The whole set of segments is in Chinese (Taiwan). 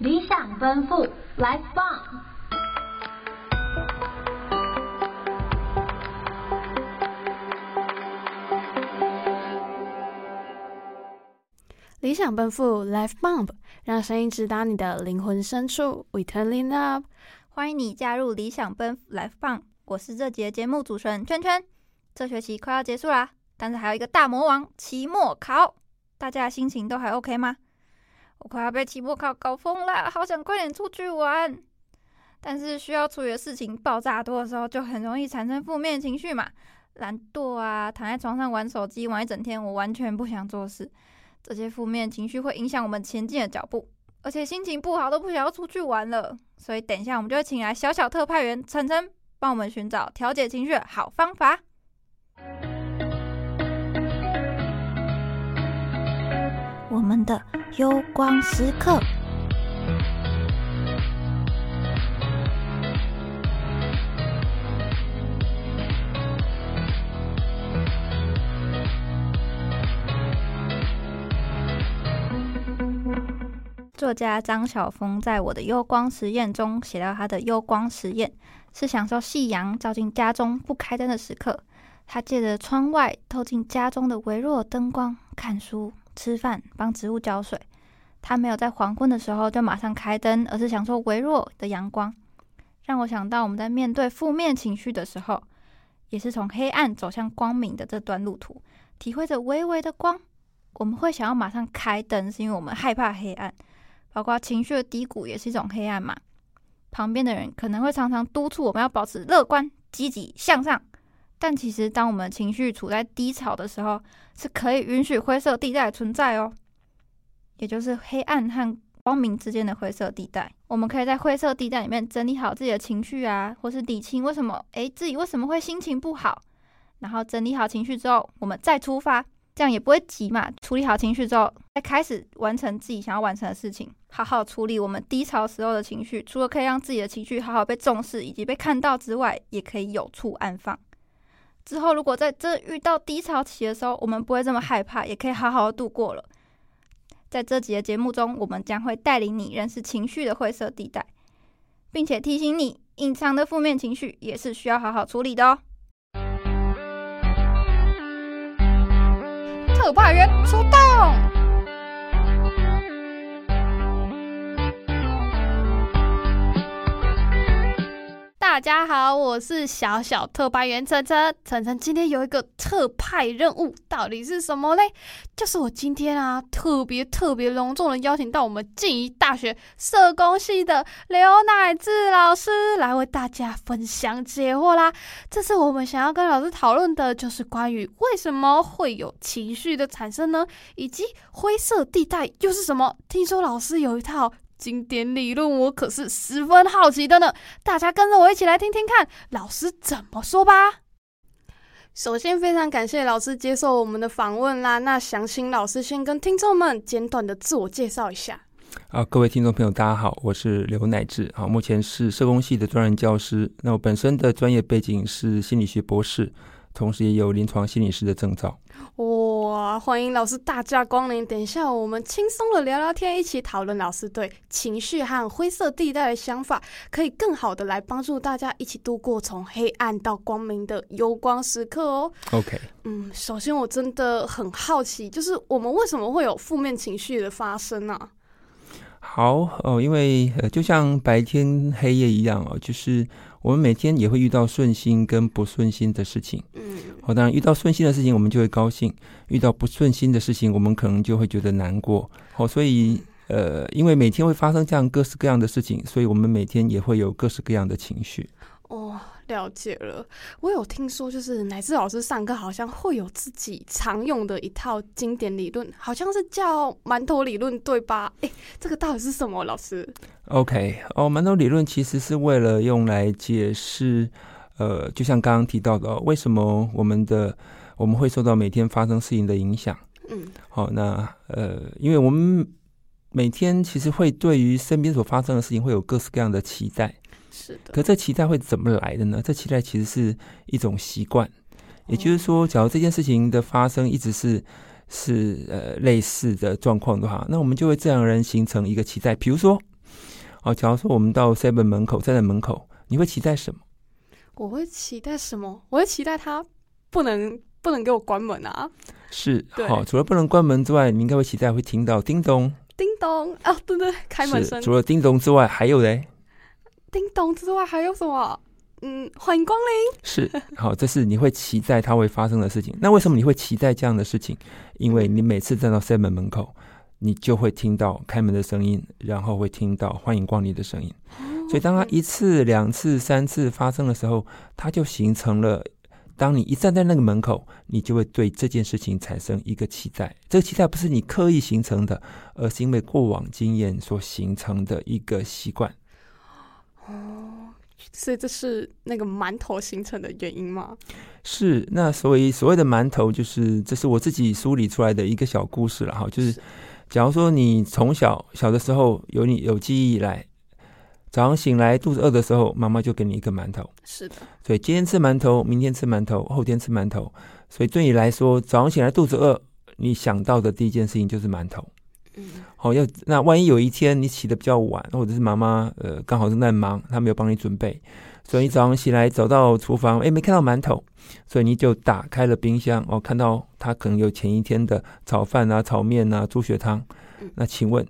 理想奔赴，Life bomb 理想奔赴，Life bomb 讓聲音直達你的靈魂深處。We turning up，歡迎你加入理想奔赴，Life bomb 我是這集的節目主持人圈圈。這學期快要結束啦，但是還有一個大魔王——期末考，大家的心情都還 OK 嗎？我快要被期末考搞瘋了，好想快點出去玩。但是需要處理的事情爆炸多的時候，就很容易產生負面情緒嘛。懶惰啊，躺在床上玩手機玩一整天，我完全不想做事。這些負面情緒會影響我們前進的腳步，而且心情不好都不想要出去玩了。所以等一下我們就請來小小特派員陳晨，幫我們尋找調節情緒的好方法。我們的幽光時刻。作家張曉風在我的幽光實驗中寫到：“他的幽光實驗是享受夕陽照進家中不開燈的時刻，他借着窗外透進家中的微弱燈光看書。”吃飯，幫植物澆水。他沒有在黃昏的時候就馬上開燈，而是享受微弱的陽光，讓我想到我們在面對負面情緒的時候，也是從黑暗走向光明的這段路途，體會着微微的光。我們會想要馬上開燈，是因為我們害怕黑暗，包括情緒的低谷也是一種黑暗嘛。旁邊的人可能會常常督促我們要保持樂觀、積極向上。但其實，當我們的情緒處在低潮的時候，是可以允許灰色地帶存在哦，也就是黑暗和光明之間的灰色地帶。我們可以在灰色地帶裡面整理好自己的情緒啊，或是理清為什麼，哎，自己為什麼會心情不好。然後整理好情緒之後，我們再出發，這樣也不會急嘛。處理好情緒之後，再開始完成自己想要完成的事情。好好處理我們低潮時候的情緒，除了可以讓自己的情緒好好被重視以及被看到之外，也可以有處安放，之後，如果在這遇到低潮期的時候，我們不會這麼害怕，也可以好好度過了。在這幾集節目中，我們將會帶領你認識情緒的灰色地帶，並且提醒你，隱藏的負面情緒也是需要好好處理的哦、喔。特派員出動！大家好，我是小小特派員陳陳，陳陳。今天有一個特派任務，到底是什麼嘞？就是我今天啊，特別特別隆重的邀請到我們靜宜大學社工系的劉乃誌老師來為大家分享解惑啦。這次我們想要跟老師討論的，就是關於為什麼會有情緒的產生呢？以及灰色地帶又是什麼？聽說老師有一套。經典理論，我可是十分好奇的呢。大家跟着我一起來聽聽看老師怎麼說吧。首先，非常感謝老師接受我們的訪問啦。那想請老師先跟聽眾們簡短的自我介紹一下。啊，各位聽眾朋友，大家好，我是劉乃誌。好、啊，目前是社工系的專任教師。那我本身的專業背景是心理學博士。同時也有臨床心理師的證照。哇，歡迎老師大駕光臨！等一下，我們輕鬆的聊聊天，一起討論老師對情緒和灰色地帶的想法，可以更好的來幫助大家一起度過從黑暗到光明的幽光時刻哦。OK，嗯，首先我真的很好奇，就是我們為什麼會有負面情緒的發生呢，啊？好哦，因為，呃，就像白天黑夜一樣哦，就是。我們每天也會遇到順心跟不順心的事情。嗯，好，當然遇到順心的事情，我們就會高興；遇到不順心的事情，我們可能就會覺得難過。好，哦，所以呃，因為每天會發生這樣各式各樣的事情，所以我們每天也會有各式各樣的情緒。哦。了解了，我有聽說，就是乃誌老師上課好像會有自己常用的一套經典理論，好像是叫“饅頭理論”，對吧？誒，這個到底是什麼？老師？OK，哦，饅頭理論其實是為了用來解釋，呃，就像剛剛提到的，為什麼我們的我們會受到每天發生事情的影響。嗯，好、哦，那呃，因為我們每天其實會對於身邊所發生的事情會有各式各樣的期待。是的，可這期待會怎麼來的呢？這期待其實是一種習慣，Okay. 也就是說，假如這件事情的發生一直是是呃類似的狀況的話，那我們就會自然而然形成一個期待。比如說，哦，假如說我們到 Seven 門、門口，站在門口，你會期待什麼？我會期待什麼？我會期待他不能不能給我關門啊！是，好、哦，除了不能關門之外，你應該會期待會聽到叮咚叮咚啊，對，對對，開門聲。除了叮咚之外，還有嘞。叮咚之外還有什麼？嗯，歡迎光臨。是，好，這是你會期待它會發生的事情。那為什麼你會期待這樣的事情？因為你每次站到 Seven 門口，你就會聽到開門的聲音，然後會聽到歡迎光臨的聲音。所以，當它一次、兩次、三次發生的時候，它就形成了。當你一站在那個門口，你就會對這件事情產生一個期待。這個期待不是你刻意形成的，而是因為過往經驗所形成的一個習慣。哦，所以這是那個饅頭形成的原因嗎？是，那所以所謂的饅頭，就是這是我自己梳理出來的一個小故事了哈。就是，是假如說你從小小的時候有你有記憶以來，早上醒來肚子餓的時候，媽媽就給你一個饅頭。是的，所以今天吃饅頭，明天吃饅頭，後天吃饅頭。所以對你來說，早上醒來肚子餓，你想到的第一件事情就是饅頭。嗯，好、哦，要那萬一有一天你起得比較晚，或者是媽媽呃剛好正在忙，他沒有幫你準備，所以你早上起來走到廚房，哎、欸，沒看到饅頭，所以你就打開了冰箱，哦，看到他可能有前一天的炒飯啊、炒麵啊、豬血湯、嗯，那請問，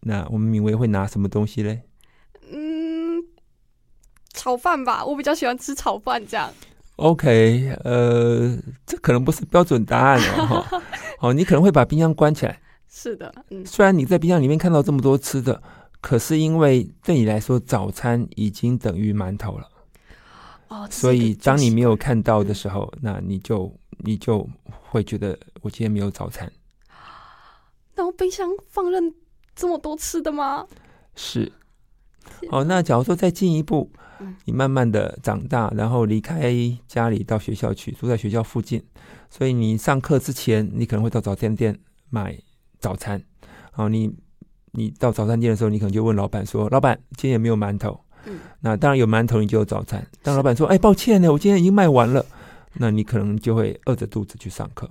那我們旻薇會拿什麼東西嘞？嗯，炒飯吧，我比較喜歡吃炒飯這樣。OK，呃，這可能不是標準答案哦。好、 哦，你可能會把冰箱關起來。是的，嗯，雖然你在冰箱裡面看到這麼多吃的，可是因為對你來說，早餐已經等於饅頭了。哦，所以當你沒有看到的時候，就是就是、那你就你就會覺得我今天沒有早餐。那我冰箱放任這麼多吃的嗎？是。是哦，那假如說再進一步、嗯，你慢慢的長大，然後離開家裡到學校去，住在學校附近，所以你上課之前，你可能會到早餐店買。早餐，哦，你你到早餐店的時候，你可能就問老板說：“老板，今天有沒有饅頭？嗯。”那當然有饅頭，你就有早餐。當老板說：“哎、欸，抱歉呢，我今天已經賣完了。 ”那你可能就會餓着肚子去上課。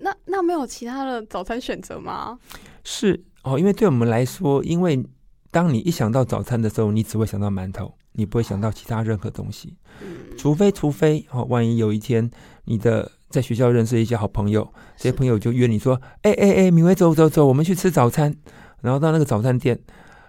那那沒有其他的早餐選擇嗎？是哦，因為對我們來說，因為當你一想到早餐的時候，你只會想到饅頭，你不會想到其他任何東西。嗯、除非除非哦，萬一有一天你的。在學校認識一些好朋友，這些朋友就約你說：“哎哎哎，旻薇，走走走，我們去吃早餐。”然後到那個早餐店，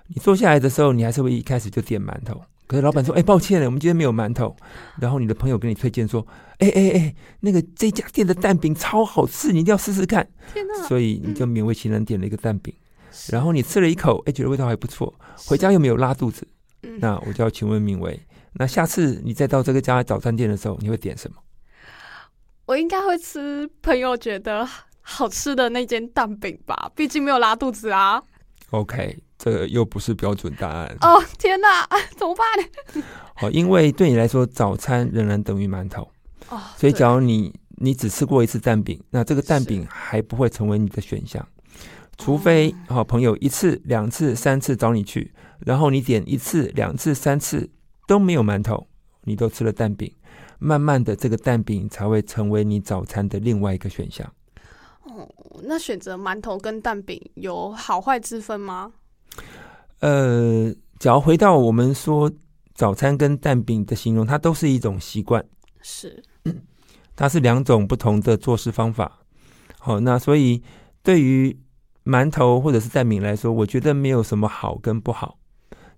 你坐下來的時候，你還是會一開始就點饅頭。可是老闆說：“哎，抱歉了，我們今天沒有饅頭。”然後你的朋友跟你推薦說：“哎哎哎，那個這家店的蛋餅超好吃，你一定要試試看。”天哪！所以你就勉為其難點了一個蛋餅。嗯、然後你吃了一口，哎，覺得味道還不錯，回家又沒有拉肚子。那我就要請問旻薇、嗯，那下次你再到這個家早餐店的時候，你會點什麼？我應該會吃朋友覺得好吃的那間蛋餅吧，畢竟沒有拉肚子啊。OK，這又不是標準答案。哦，天哪，怎麼辦呢？哦，因為對你來說，早餐仍然等於饅頭。哦，所以假如你你只吃過一次蛋餅，那這個蛋餅還不會成為你的選項。除非好、哦、朋友一次、兩次、三次找你去，然後你點一次、兩次、三次都沒有饅頭，你都吃了蛋餅。慢慢的，這個蛋餅才會成為你早餐的另外一個選項。哦，那選擇饅頭跟蛋餅有好壞之分嗎？呃，只要回到我們說早餐跟蛋餅的形容，它都是一種習慣，是，它是兩種不同的做事方法。好，哦，那所以對於饅頭或者是蛋餅來說，我覺得沒有什麼好跟不好。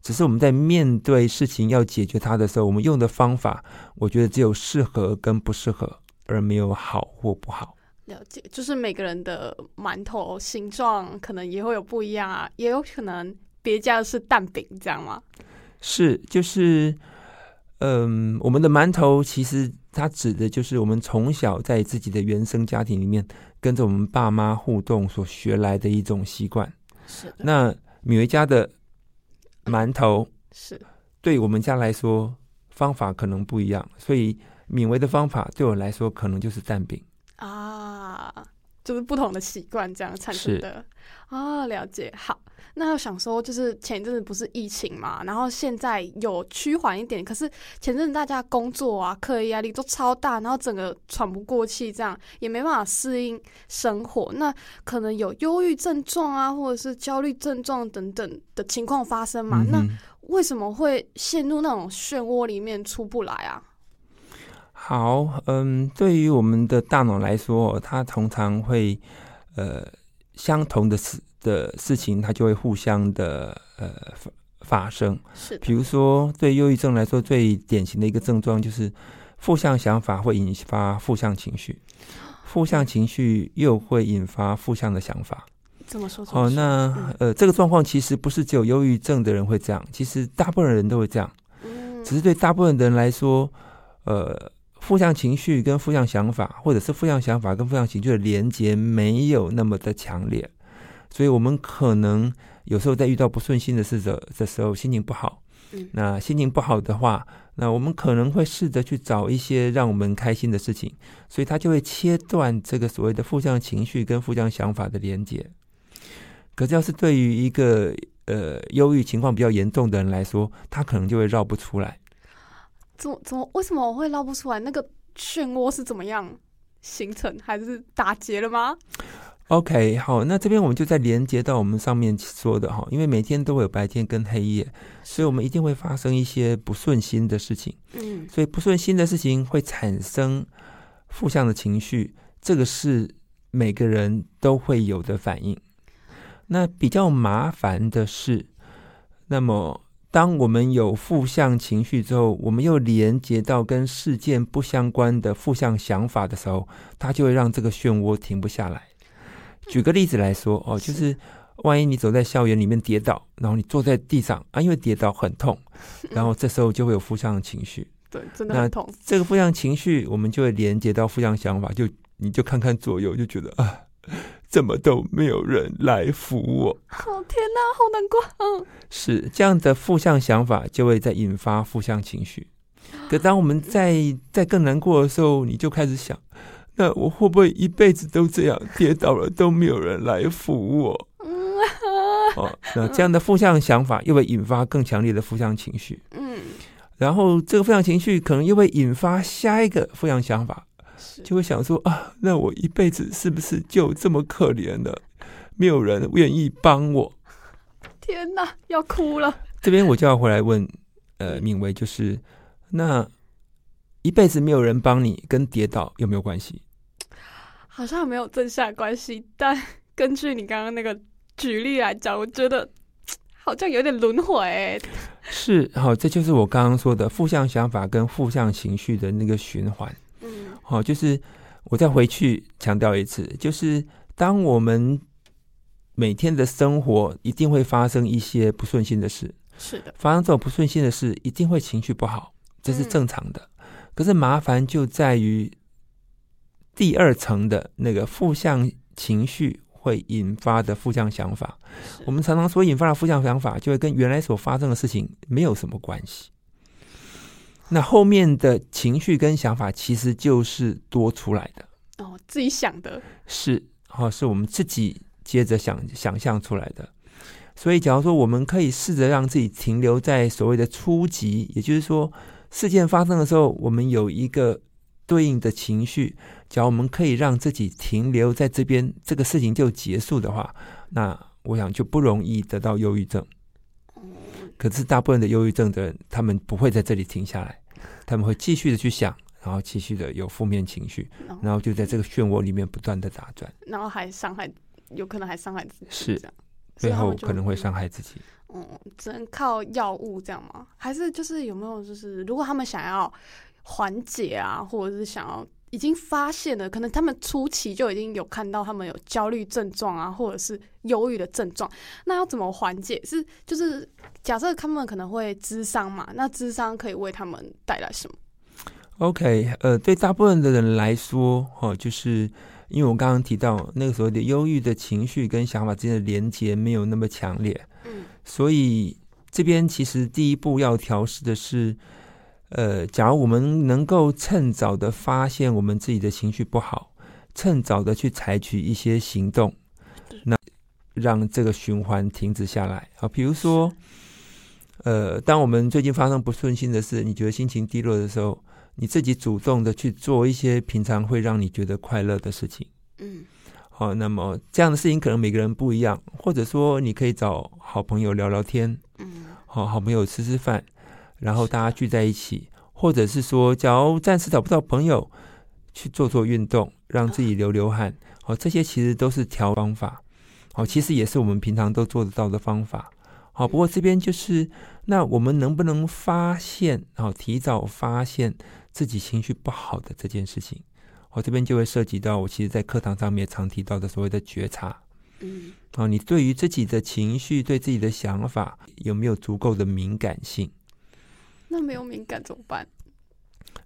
只是我們在面對事情要解決它的時候，我們用的方法，我覺得只有適合跟不適合，而沒有好或不好。了解，就是每個人的饅頭形狀可能也會有不一樣啊，也有可能別家的是蛋餅，這樣嗎？是，就是，嗯，我們的饅頭其實它指的就是我們從小在自己的原生家庭裡面跟着我們爸媽互動所學來的一種習慣。是的，那米維家的。饅頭是，對我們家來說方法可能不一樣，所以旻薇的方法對我來說可能就是蛋餅。就是不同的習慣這樣產生的啊，了解。好，那我想說就是前陣子不是疫情嘛，然後現在有趨緩一點，可是前陣子大家工作啊、課業壓力都超大，然後整個喘不過氣，這樣也沒辦法適應生活，那可能有憂鬱症狀啊，或者是焦慮症狀等等的情況發生嘛，嗯嗯。那為什麼會陷入那種漩渦裡面出不來啊？好，嗯，對於我們的大腦來說，它通常會，呃，相同的事的事情，它就會互相的，呃，發，發生。是，比如說，對憂鬱症來說，最典型的一個症狀就是負向想法會引發負向情緒，負向情緒又會引發負向的想法。這麼說，這麼說哦，那、嗯、呃，這個狀況其實不是只有憂鬱症的人會這樣，其實大部分人都會這樣。嗯，只是對大部分的人來說，呃。負向情緒跟負向想法，或者是負向想法跟負向情緒的連結沒有那麼的強烈，所以我們可能有時候在遇到不順心的事的的時候，心情不好、嗯。那心情不好的話，那我們可能會試着去找一些讓我們開心的事情，所以它就會切斷這個所謂的負向情緒跟負向想法的連結。可是，要是對於一個呃憂鬱情況比較嚴重的人來說，他可能就會繞不出來。怎怎麼，怎麼為什麼我會撈不出來？那個漩渦是怎麼樣形成？還是打結了嗎？OK，好，那這邊我們就再連接到我們上面說的哈，因為每天都會有白天跟黑夜，所以我們一定會發生一些不順心的事情。嗯，所以不順心的事情會產生負向的情緒，這個是每個人都會有的反應。那比較麻煩的是，那麼。當我們有負向情緒之後，我們又連接到跟事件不相關的負向想法的時候，它就會讓這個漩渦停不下來。舉個例子來說，嗯、哦，就是萬一你走在校園裡面跌倒，然後你坐在地上啊，因為跌倒很痛，然後這時候就會有負向情緒、嗯。對，真的很痛。這個負向情緒，我們就會連接到負向想法，就你就看看左右，就覺得啊。怎麼都沒有人來扶我！好天哪，好難過！是，這樣的負向想法就會在引發負向情緒。可當我們在在更難過的時候，你就開始想：那我會不會一輩子都這樣？跌倒了都沒有人來扶我？嗯啊。哦，那這樣的負向想法又會引發更強烈的負向情緒。嗯，然後這個負向情緒可能又會引發下一個負向想法。就會想說啊，那我一輩子是不是就這麼可憐了？沒有人願意幫我。天哪，要哭了。這邊我就要回來問，呃，旻薇，就是那一輩子沒有人幫你，跟跌倒有沒有關係？好像沒有正向關係，但根據你剛剛那個舉例來講，我覺得好像有點輪迴。是，好，哦，這就是我剛剛說的負向想法跟負向情緒的那個循環。好、哦，就是我再回去強調一次，就是當我們每天的生活一定會發生一些不順心的事，是的，發生這種不順心的事，一定會情緒不好，這是正常的。嗯、可是麻煩就在於第二層的那個負向情緒會引發的負向想法。我們常常所引發的負向想法，就會跟原來所發生的事情沒有什麼關係。那後面的情緒跟想法其實就是多出來的哦，自己想的是，哈、哦，是我們自己接着想想象出來的。所以，假如說我們可以試着讓自己停留在所謂的初級，也就是說，事件發生的時候，我們有一個對應的情緒。假如我們可以讓自己停留在這邊，這個事情就結束的話，那我想就不容易得到憂鬱症。可是，大部分的憂鬱症的人，他們不會在這裡停下來。他們會繼續的去想，然後繼續的有負面情緒，然後就在這個漩渦裡面不斷的打轉。嗯，然後還傷害，有可能還傷害自己。是，最後可能會傷害自己。嗯，只能靠藥物這樣嗎？還是就是有沒有就是，如果他們想要緩解啊，或者是想要。已經發現了，可能他們初期就已經有看到他們有焦慮症狀啊，或者是憂鬱的症狀。那要怎麼緩解？是就是假設他們可能會諮商嘛？那諮商可以為他們帶來什麼？OK，呃，對大部分的人來說，哦，就是因為我剛剛提到那個時候的憂鬱的情緒跟想法之間的連接沒有那麼強烈，嗯，所以這邊其實第一步要調試的是。呃，假如我們能夠趁早的發現我們自己的情緒不好，趁早的去採取一些行動，那讓這個循環停止下來啊。比如說，呃，當我們最近發生不順心的事，你覺得心情低落的時候，你自己主動的去做一些平常會讓你覺得快樂的事情。嗯。好、哦，那麼這樣的事情可能每個人不一樣，或者說你可以找好朋友聊聊天。嗯。好、哦、好朋友吃吃飯。然後大家聚在一起，或者是說，假如暫時找不到朋友，去做做運動，讓自己流流汗，啊、哦，這些其實都是調方法，好、哦，其實也是我們平常都做得到的方法，好、哦，不過這邊就是，那我們能不能發現，好、哦，提早發現自己情緒不好的這件事情，我、哦、這邊就會涉及到我其實在課堂上面常提到的所謂的覺察，嗯，好、哦，你對於自己的情緒，對自己的想法，有沒有足夠的敏感性？那沒有敏感怎麼辦？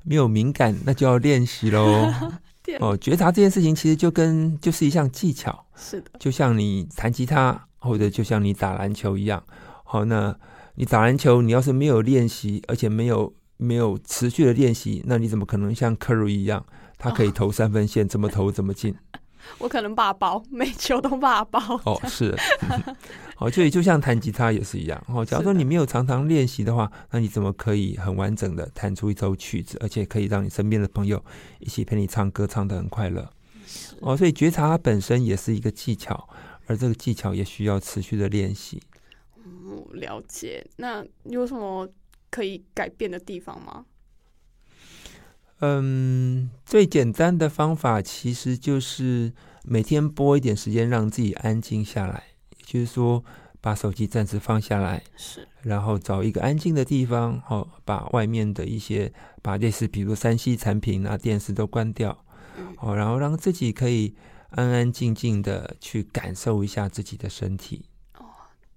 沒有敏感，那就要練習嘍。 哦，覺察這件事情其實就跟就是一項技巧。是的，就像你彈吉他，或者就像你打籃球一樣。好，那你打籃球，你要是沒有練習，而且沒有沒有持續的練習，那你怎麼可能像 Curry 一樣，他可以投三分線，哦、怎麼投怎麼進？ 我可能罷包，每球都罷包。哦，是， 好，所以就像彈吉他也是一樣。哦，假如說你沒有常常練習的話，那你怎麼可以很完整的彈出一首曲子，而且可以讓你身邊的朋友一起陪你唱歌，唱得很快樂？哦，所以覺察它本身也是一個技巧，而這個技巧也需要持續的練習。哦、嗯，了解。那有什麼可以改變的地方嗎？嗯，最簡單的方法其實就是每天撥一點時間讓自己安靜下來，也就是說，把手機暫時放下來，是，然後找一個安靜的地方，好、哦，把外面的一些，把類似，比如三 C 產品啊，電視都關掉、嗯，哦，然後讓自己可以安安靜靜的去感受一下自己的身體。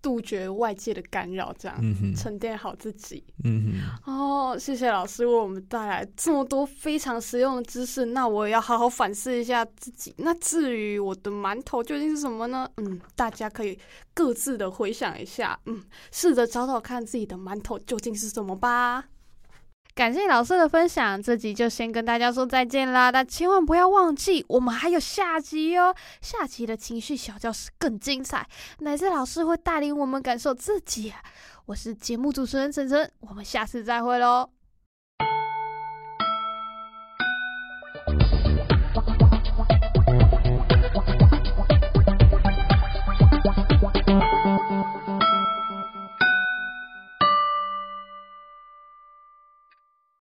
杜絕外界的干擾，這樣、嗯、沉澱好自己。嗯哦，謝謝老師為我們帶來這麼多非常實用的知識。那我也要好好反思一下自己。那至於我的饅頭究竟是什麼呢？嗯，大家可以各自的回想一下，嗯，試着找找看自己的饅頭究竟是什麼吧。感謝老師的分享，這集就先跟大家說再見啦！但千萬不要忘記，我們還有下集哦。下集的情緒小教室更精彩，乃誌老師會帶領我們感受自己、啊。我是節目主持人陳陳，我們下次再會嘍。